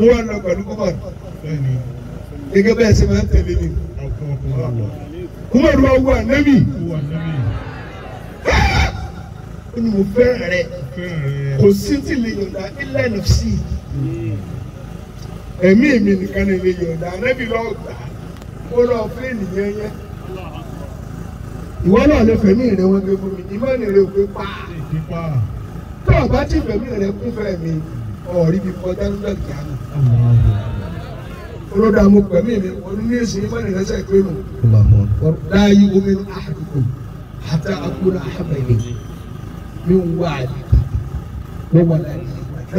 wọ́n lọ pẹ̀lú kọ́mọ̀tì gẹ́gẹ́ bẹ́ẹ̀ ṣe máa ń tẹ̀lé mi. Umaru awo anabi. ní mo fẹ́ràn rẹ̀. Kò sí tí lè yọ̀dá ilẹ̀ nìfsí. Ẹ̀mí mi nìkan ni lè yọ̀dá. Anabi lọ gbà. Ó lọ fẹ́ nìyẹn yẹn. Ìwọ náà lè fẹ̀mí rẹ̀ wọ́n gbé fún mi. Ìmọ̀ni rẹ̀ ò pé pa. Tó o bá ti fẹ̀mí rẹ̀ kún fẹ́ mi, ọ̀rí mi kọjá nígbà kíá mi olódò àmú pẹ̀lú ìmí oníṣẹ́ ìmọ̀nì rẹ̀ sẹ́ pé nù. láàyè omi ní àdúgbò àti àkúrò àhàbẹ̀lẹ̀ mi ń wá àdìgbò wọ́n wà láàyè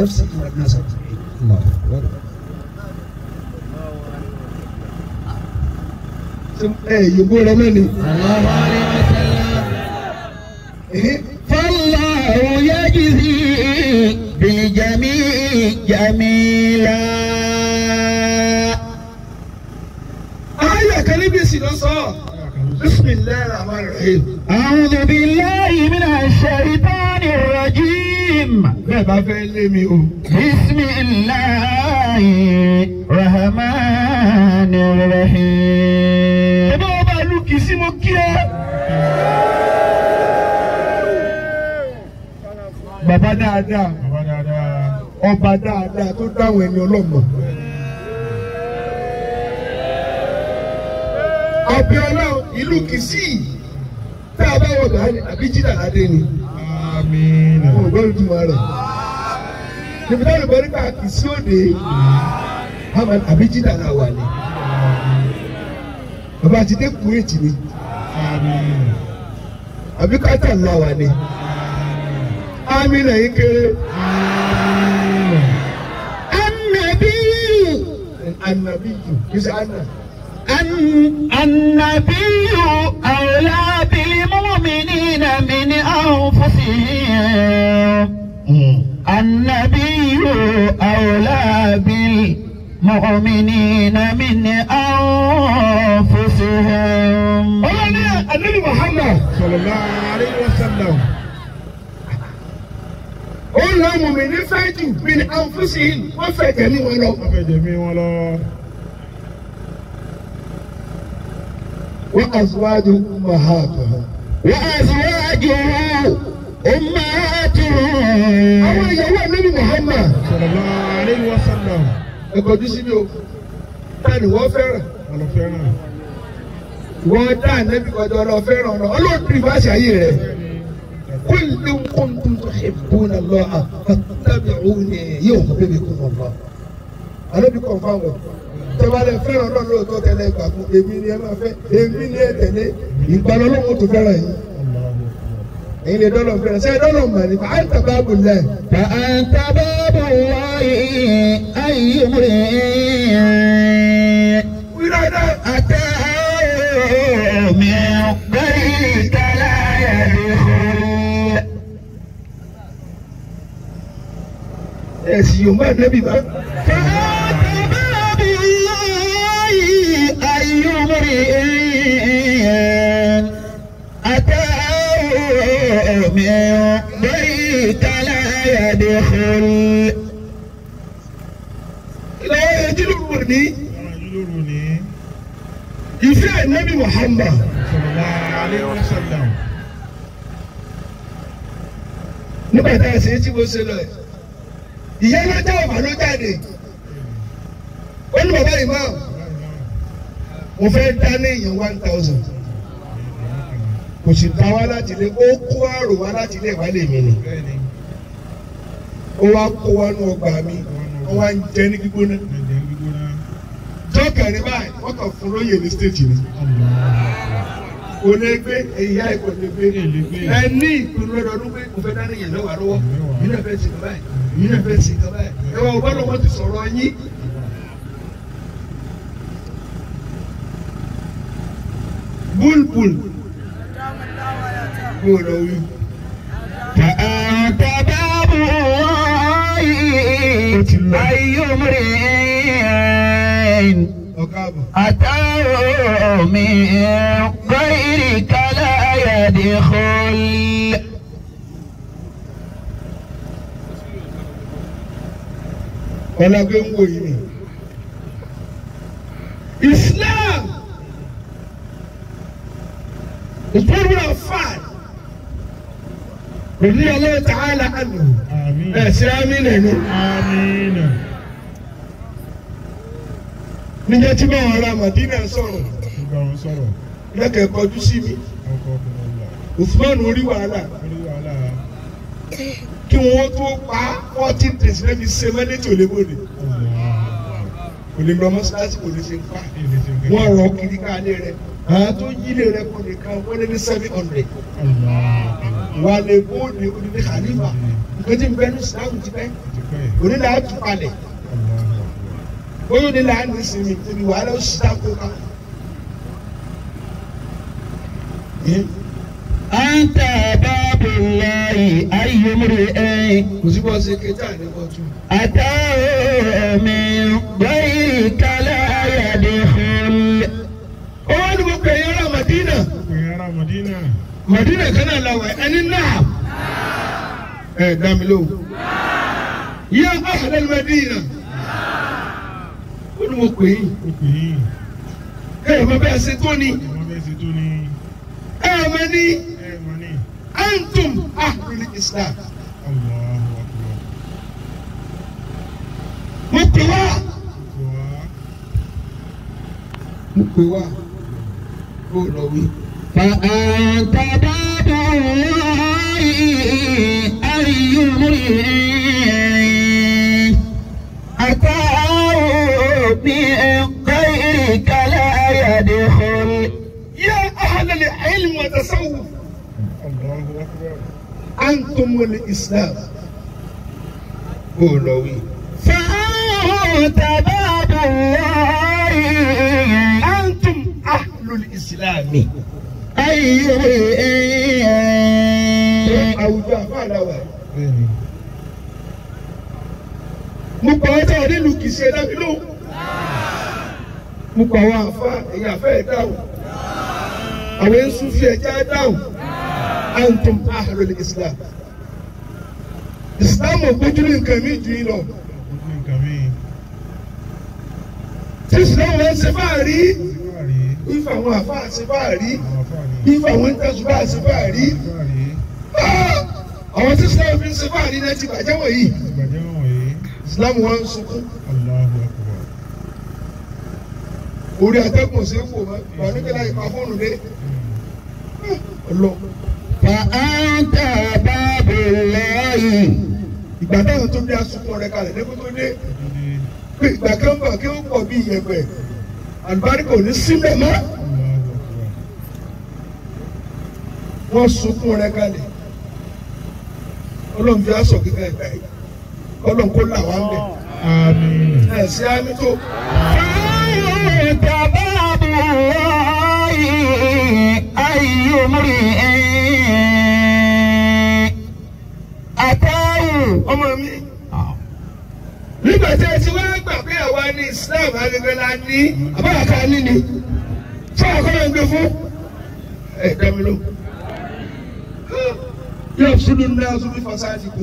ẹ̀fṣì ìwà náà sọ̀tún. ẹ yògbó rẹ mẹ́ni. فالله يجزي بالجميع جميلا sì lọ sọ. bisimilayi rahman rahim. a'udhu billahi minash shaitani rajim. bẹ́ẹ̀ bá fẹ́ lé mi o. bisimilayi rahman rahim. ẹ̀bá ọba ìlú kìí sí mo kí ẹ. bàbá dáadáa ọba dáadáa tó dáwọn ẹni ọlọ́mọ. Abiola ìlú Kìsì tá a bá wọ bàálì àbíjìdá adé ni. Mo gbọ́dọ̀ tún wa rẹ̀. Níbi táwọn ìbọ̀ríkà Kìsì òde àbíjìdá náà wà ní. Bàbá àti dé Kuwait ni. Àbí Kátà ńlá wà ní. Àmín náà yín kéré. Ànàbíyù. Ànàbíyù kì í ṣe ànà. النبي أولى بالمؤمنين من أنفسهم النبي أولى بالمؤمنين من أنفسهم أولا النبي محمد صلى الله عليه وسلم ó lọ́mùmí ní fẹ́ẹ́ jù mí ní àǹfùsì yìí wọ́n fẹ̀jẹ̀ mí wọn lọ. وأزواجه أمهاتهم وأزواجه أمهاتهم àwọn ìyàwó ànábì Muhammad sallallahu alaihi wasallam ẹ̀kọ́jú síbi o tani wọ́n fẹ́ràn ọ̀rọ̀ fẹ́ràn wọ́n dá ànábì kọjá ọ̀rọ̀ fẹ́ràn ọ̀rọ̀ ọlọ́ọ̀dún ìfàṣẹ ayé rẹ̀ kullu kuntum tuhibbuna Allah fattabi'uni yuhbibkum Allah ànábì kọ̀ fáwọn tẹ́wálẹ̀ fẹ́ràn ọlọ́run lóòótọ́ tẹ́lẹ̀ gbà fún èmi ni ẹ máa fẹ́ èmi ni ẹ tẹ̀lé ìgbàlọ́ lóhùn tó fẹ́ràn yìí ẹ̀yin lè dọ́lọ̀ fẹ́ràn sẹ́yìn dọ́lọ̀ mọ̀ nípa à ń tàbá bù lẹ̀. à ń tàbá bù wá ayé múre. wíwá iná àtẹ mi gbẹ́rì ìtàlá ẹ̀ lóore. ẹ̀sìn yóò má débi bá. بريء أتاه من بيت لا يدخل لا يجلوني ìfẹ́ nabi muhammad nígbà tá a ṣe é tí mo ṣe lọ ẹ ìyá ló jẹ́ ọ̀bà ló jáde ó ní bàbá ìmáàmù mo fẹ́ dá ní èèyàn one thousand kò sì dá wá láti ilé ó kó àrò wá láti ilé ìwálé mi ni ó wá kó wọnú ọgbà mi ó wá ń jẹ ní gbígbóná jọ́kẹ̀rin báyìí wọ́n kàn fún lóyè ní stéèjì ni kò lè gbé ìyá ìkò lè gbé ẹ ní ìpinnu lọ́dọọdún pé kò fẹ́ dá ní èèyàn lọ́wọ́ àlọ́wọ́ yìí náà fẹ́ sí kaba yìí yìí náà fẹ́ sí kaba yìí ẹ wá ọgbọ́dọ̀ wọ́n ti sọ̀rọ̀ yín. bulbul ko rauni ta damu ayyo murin atawo min ghairi kala yadkhul ọlágbé ń wò yìí ni Islam. الجملة الفعل رضي الله تعالى عنه آمين آمين آمين níjẹ́ tí báwọn ará Madina sọ̀rọ̀ lẹ́kẹ̀ẹ́ kọjú sí mi Usman orí wàhálà kí wọ́n tó pa fourteen days lẹ́bi sẹ́mẹ́lì tó lébòde kò lè lọ mọ́ṣáláṣí kò lè ṣe ń pa wọ́n rọ kiri káalé rẹ̀ àwọn tó yílé rẹ kò nìkan wọ́n lé ní seven hundred wà lè kó ní khalifa nkejì ń bẹ ní sinamu ti bẹ onílé àtúpalẹ̀ bóyá onílé ànísìmí tóbi wàhálà ó sì dáko kan. anta babu lahi ayomire ẹyin. kò sí bọ́ ṣe kẹta ní ọtún. àtàwọn mi gbọ́ yìí madina kan náà la wà ẹni náà ẹ dàmí ló yá ahlal madina ó ní mo pè é ẹ ẹ bàbá ẹsẹ tó ni ẹ ẹ antum ahlul islam mo pè wá mo pè wá kó lọ wí. فأنت باب أي امرئ أتاه من غيرك لا يدخل يا أهل العلم والتصوف الله أكبر أنتم الإسلام قولوا فأنت باب الله أنتم أهل الإسلام ayé ẹ̀. àwùjọ àfàlàwà mo pa ọjà nílùú kì í ṣe dábí ló mo pa àwọn àfa ẹ̀yà àfẹ́ ẹ̀ dáhùn àwọn ẹ̀ńsúfì ẹ̀já dáhùn antum ahlul islam islam ò gbójú ní nǹkan mi jù yín lọ tí islam wọn ṣe máa rí ifá àwọn àfáà ṣe bá rí ifá àwọn ìtẹ̀sùn bá ṣe bá rí ah! àwọn tí Islam fi ń ṣe bá rí náà ti bàjẹ́ wọ̀nyí Islam wọn ń sunkún orí atẹ́gùn sí fò bànújẹ́ láì pa fóònù dé lọ. fàáńtà bábò lẹ́yìn. ìgbà táwọn tó bí asukun rẹ kalẹ̀ lẹ́kọ́ tó dé pé ìgbà kan bà kí ó pọ̀ bí ìyẹ̀pẹ̀ àlùbáríkà ò ní sílẹ̀ mọ́ wọ́n sunkún rẹ kalẹ̀ ọlọ́run fi aṣọ kíkà ẹ̀ báyìí ọlọ́run kó là wá ń bẹ̀ ẹ̀ sí àmì tó. ọmọ mi nígbà tí ẹ ti wá ní Islam agbègbè la ní àbáyà ká ní ni fún àkọlẹ̀ ń gbé fún ẹ̀ dámiló yóò fúnni náà tún bí fasáàdì kù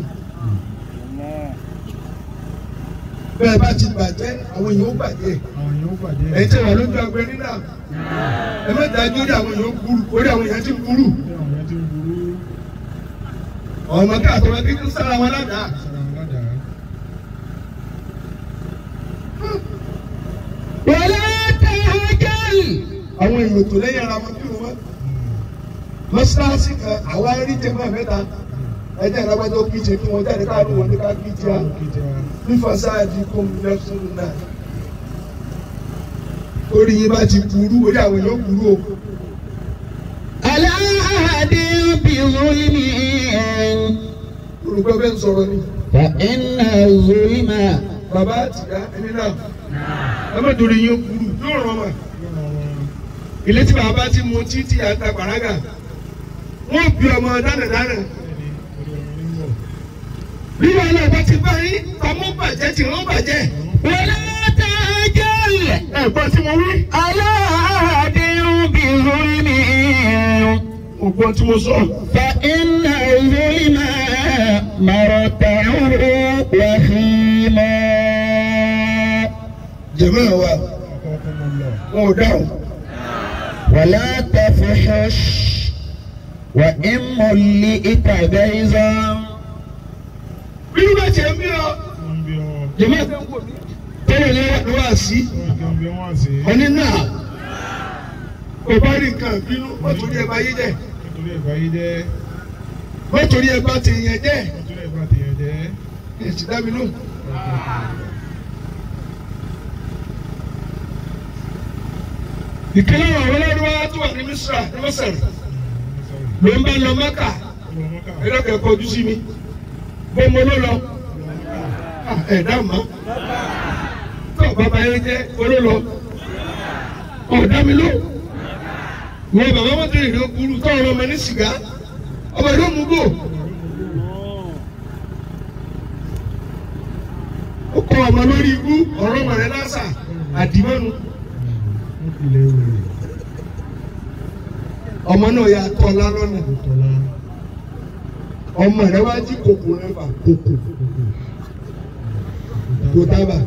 bẹ́ẹ̀ bá ti bàjẹ́ àwọn èèyàn ó bàjẹ́ ẹ̀yìn tí wọ́n ló agbẹ́ nínà ẹ má dájú orí àwọn èèyàn burú orí àwọn èèyàn ti burú ọmọ káàtó wọn kí n sára wọn ládàá. àwọn èrò tó lẹ́yìn ara wọn kí wọn mọ́ṣáláṣí kan àwa rí jẹgbẹ́ mẹ́ta ẹjẹ́ ìlágbájọ́ kíjẹ kí wọ́n jáde káàdì wọn ní ká kíjẹ á fífa sáàdì kó mi lẹ́sùn náà orí yín bá ti burú orí àwọn èèyàn burú o. aláàdé obìnrin ni olùgbọ́ bẹ́ẹ̀ ń sọ̀rọ̀ ni. ẹ̀ẹ́nà òwe mà. bàbá àtìyá ẹni náà ẹ má torí yín burú yóò rán ilé tí bàbá ti mu títí àgbà pàrágà wọ́n bí ọmọ dánadánà bí wọn lọ bá ti bá yín tọmú tí wọ́n bàjẹ́. wọlé tá ẹ gbọ́ tí mo wí. aláàdéhùn lórí mi. o gbọ́ tí mo sọ. fa iná lórí máa mọ̀rọ̀ tààrù wà sí mọ́. jẹ̀mọ́ wa wọn ò dáhùn. ولا تفحش وإن ملئت غيظا bí wọ́n ti ń bí ọ jẹ́mọ́ tẹ́lẹ̀ ní wá sí ọní náà kò bá rí nǹkan bínú mọ́tòrí ẹ̀ bá yí dẹ̀ mọ́tòrí ẹ̀ bá ti yẹn dẹ̀ ẹ̀ ti dá mi lóhùn. ìkan náà àwọn ọlọ́dúnwá tó wà ní Misra ní Masar ló ń bá lọ Mẹ́kà ẹlẹ́kẹ̀ẹ́ kọjú sí mi bọ́mọ ló lọ ẹ̀dá mọ́ tó bàbá yẹn jẹ́ olólọ ọ̀dá mi ló wọ́n bàbá wọn tẹ̀lé ìlú kúrú tó ọ̀rọ̀ ọmọ ní sìgá ọmọ ìlú mú bò. ó kọ ọmọ lórí ikú ọ̀rọ̀ ọmọ rẹ̀ lásà àdìmọ́nu léwu ọmọ náà yà tọ́lá lọ́nà tọ́lá ọmọ rẹ wá jí kòkò rẹ bà kòkò kò dábà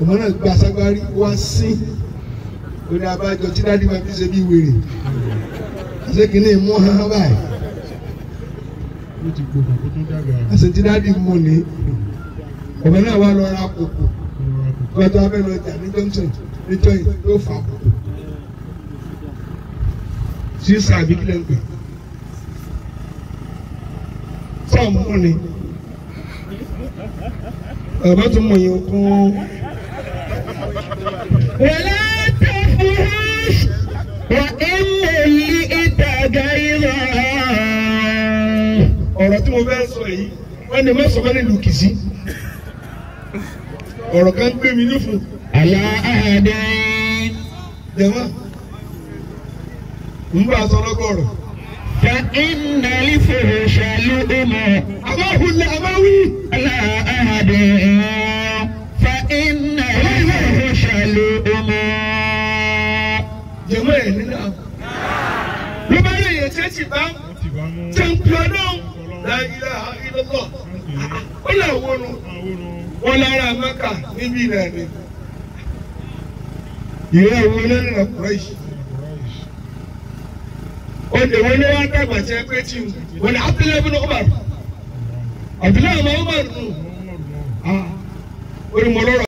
ọmọ náà gba sagbari wá sí orí abájọ tí dáàdi máa fi ṣe bí wèrè àṣekínní mú hàn báyìí àṣetí dáàdi mú ni ọmọ náà wá lọ ra kòkò gbọ́dọ̀ abẹ lọ jà ní Johnson nítorí yóò fà kú sísè àbí kílẹ̀ ń pè sọ́ọ̀mù kún ni ọ̀bá tún mọ̀ yín kún. wọlé tó fi hàn wà ilé ní ìtajà ìlà. ọ̀rọ̀ tí mo fẹ́ sọ yìí wọ́n ní mọ́sọ̀mọ́ nílùú Kìsì ọ̀rọ̀ kan gbé mi nífun àlá àdé. jẹ̀mọ́ ń bá a sọ lọ́gọ́rọ̀. fa iná lífò ṣàlù ìmọ̀. amáhu ni amáwí. àlá àdé. fa iná lífò ṣàlù ìmọ̀. jẹ̀mọ́ ẹ̀ nínú àwọn. ló bá lè yẹ lára mẹ́ka níbí náà ni ìwé àwọn olóyún ọkùnrin yìí òde wọn ni wọn dàgbà jẹ pé tí wọn ni abdulayi bin umar abdulayi bin umar nù ah orí mọ lọrọ.